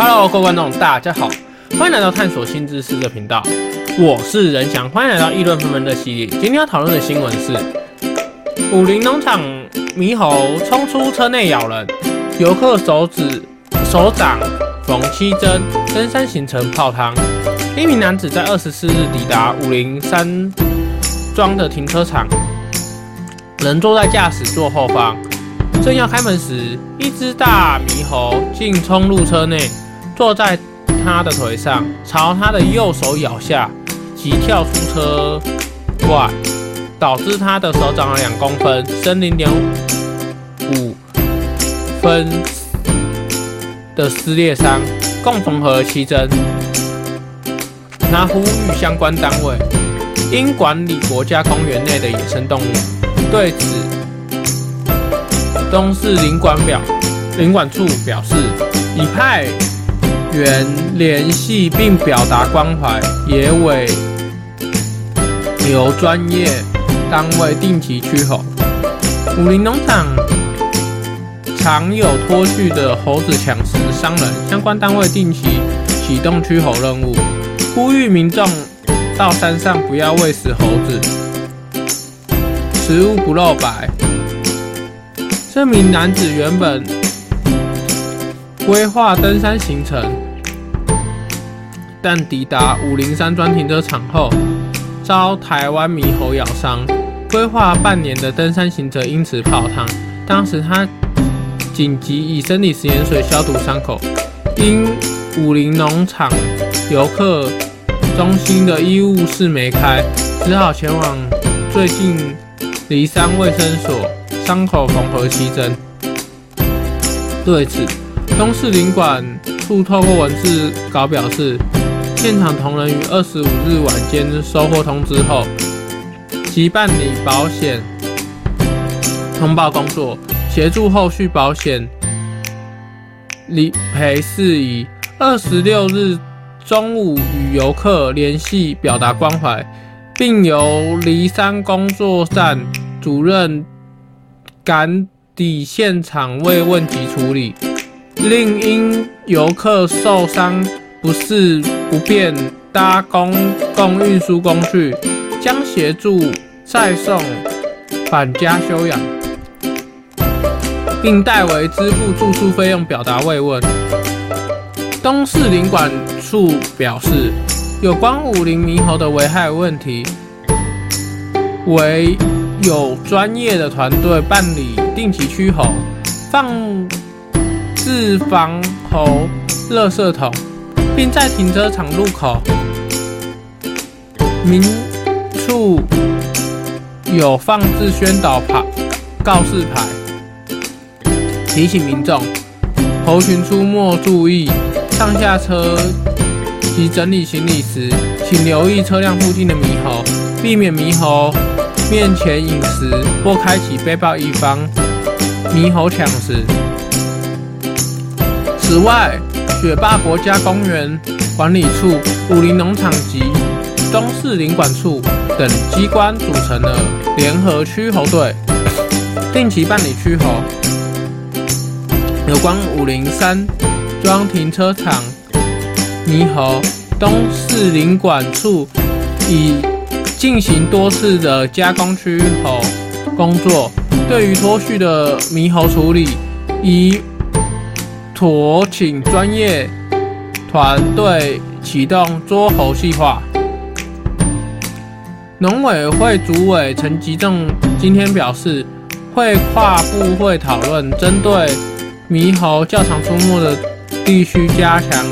哈嘍各位觀眾，大家好，歡迎來到探索新知識的頻道，我是仁翔，歡迎來到議論紛紛的系列。今天要討論的新聞是：武陵農場獼猴衝出車內咬人，遊客手指手掌縫七針，登山行程泡湯。一名男子在二十四日抵達武陵山莊的停車場，人坐在駕駛座後方，正要開門時，一隻大獼猴竟衝入車內。坐在他的腿上，朝他的右手咬下，急跳出車外，導致他的手掌兩公分、深零點五分的撕裂傷，共縫合七針。他呼籲相關單位應管理國家公園內的野生動物。對此，東勢林管表林管處表示已派。原聯繫並表達關懷，也委由專業單位定期驅猴。武陵農場常有脫序的猴子搶食傷人，相關單位定期啟動驅猴任務，呼籲民眾到山上不要餵食猴子，食物不露白。這名男子原本。規劃登山行程，但抵達武陵山莊停車場後，遭台灣獼猴咬傷。規劃半年的登山行程因此泡湯。當時他緊急以生理食鹽水消毒傷口，因武陵農場遊客中心的醫務室沒開，只好前往最近離山衛生所，傷口縫合七針。對此。中市領館處透過文字稿表示，現場同仁於二十五日晚間收獲通知後，即辦理保險通報工作，協助後續保險理賠事宜。二十六日中午與遊客聯繫，表達關懷，並由梨山工作站主任趕抵現場，為問題處理。另因遊客受傷不適不便搭公共運輸工具，將協助再送返家休養，並代為支付住宿費用，表達慰問。東勢林管處表示，有關武陵獼猴的危害問題，為有專業的團隊辦理定期驅猴放。四防猴，垃圾桶，並在停車場入口、明處有放置宣導牌、告示牌，提醒民眾：猴群出沒，注意上下車及整理行李時，請留意車輛附近的獼猴，避免獼猴面前飲食或開啟背包以防獼猴搶食。此外，雪霸國家公園管理處、武陵農場及東勢林管處等機關組成的聯合驅猴隊，定期辦理驅猴。有關武陵山莊停車場獼猴，東勢林管處已進行多次的加工驅猴工作，對於脫序的獼猴處理以。托請專業團隊啟動捉猴計劃。農委會主委陳吉仲今天表示，會跨部會討論，針對獼猴較常出沒的地區加強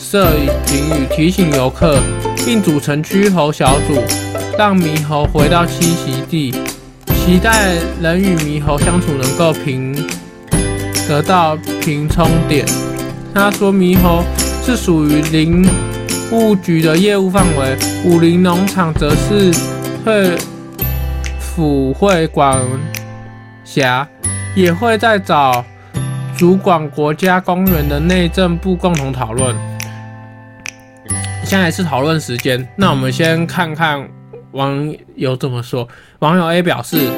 攝影與提醒遊客，並組成驅猴小組，讓獼猴回到棲息地。期待人與獼猴相處能夠平。得到平充點，他說獼猴是屬於林務局的業務範圍，武陵農場則是會府會管轄，也會再找主管國家公園的內政部共同討論。現在是討論時間，那我們先看看網友怎麼說。網友 A 表示：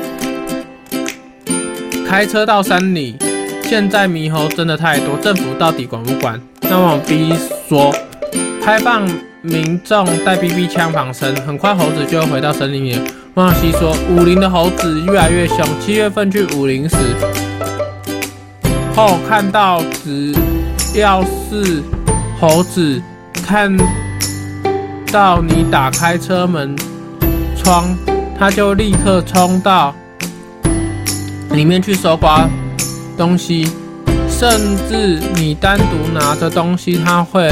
開車到山裡。現在獼猴真的太多，政府到底管不管？那麼 B 說，開放民眾帶 BB 槍防身，很快猴子就會回到森林裡。莫西說，武陵的猴子越來越兇，七月份去武陵時，後看到只要是猴子看到你打開車門窗，它就立刻衝到裡面去搜刮東西，甚至你單獨拿着東西，他會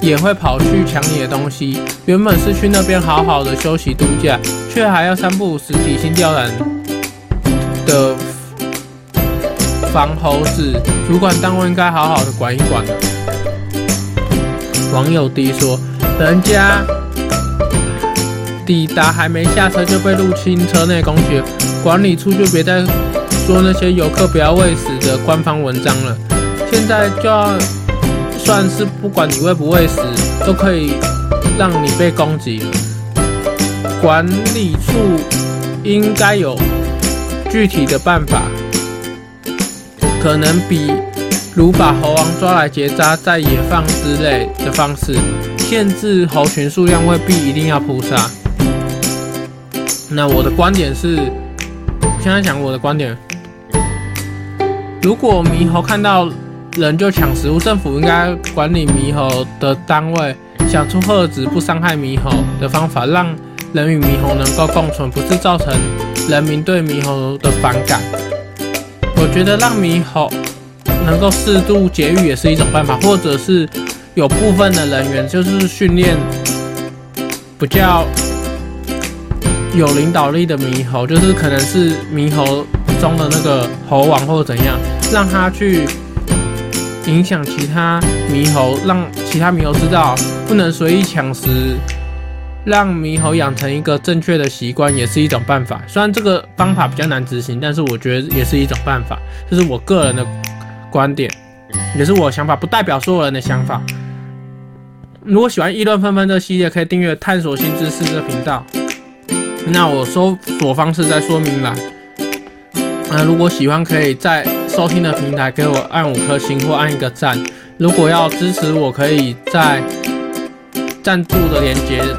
也會跑去搶你的東西。原本是去那邊好好的休息度假，卻還要三不五時提心吊膽的防猴子。主管單位應該好好的管一管了。網友 D 說：“人家抵達還沒下車就被入侵車內攻擊，管理處就別在。”說那些遊客不要餵食的官方文章了，現在就要算是不管你餵不餵食，都可以讓你被攻擊。管理處應該有具體的辦法，可能比如把猴王抓來結紮再野放之類的方式，限制猴群數量未必一定要撲殺。那我的觀點是，現在講我的觀點。如果獼猴看到人就搶食物，政府應該管理獼猴的單位，想出合適不傷害獼猴的方法，讓人與獼猴能夠共存，不是造成人民對獼猴的反感。我覺得讓獼猴能夠適度節育也是一種辦法，或者是有部分的人員就是訓練比較有領導力的獼猴，就是可能是獼猴。中的那個猴王或者怎樣，讓他去影響其他獼猴，讓其他獼猴知道不能隨意搶食，讓獼猴養成一個正確的習慣也是一種辦法。雖然這個方法比較難執行，但是我覺得也是一種辦法。這、就是我個人的觀點，也是我想法，不代表所有人的想法。如果喜歡議論紛紛這個系列，可以訂閱《探索新知識》這頻道。那我搜索方式再說明吧。那如果喜歡，可以在收聽的平台給我按五顆星或按一個讚。如果要支持我，可以在贊助的連結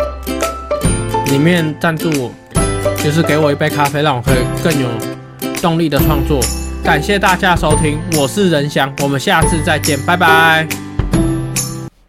裡面贊助我，就是給我一杯咖啡，讓我可以更有動力的創作。感謝大家收聽，我是仁翔，我們下次再見，拜拜。